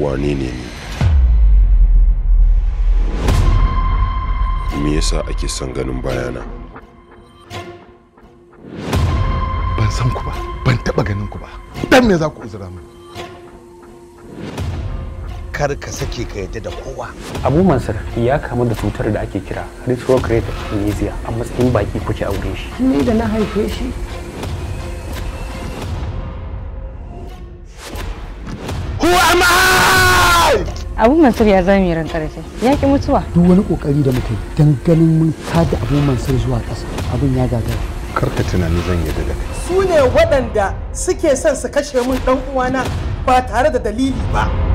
wane ne ni me yasa ake son ganin bayana ban san ku ba ban taba ganin ku ba dan me za ku uzura mani kar ka sake ka yadda da kowa. Abu Mansur ya kamu da cutar da ake kira retrograde amnesia a matsayin baki kuke aure shi. Ni da na haife shi. Who am I? abu mansur ya zama ran karshe ya ki mutuwa duk wani kokari da muka yi dan ganin mun kada abu mansur zuwa ƙasa abin ya gagara karka tunani zan yi daga su ne waɗanda suke son su kashe mun dan uwana ba tare da dalili ba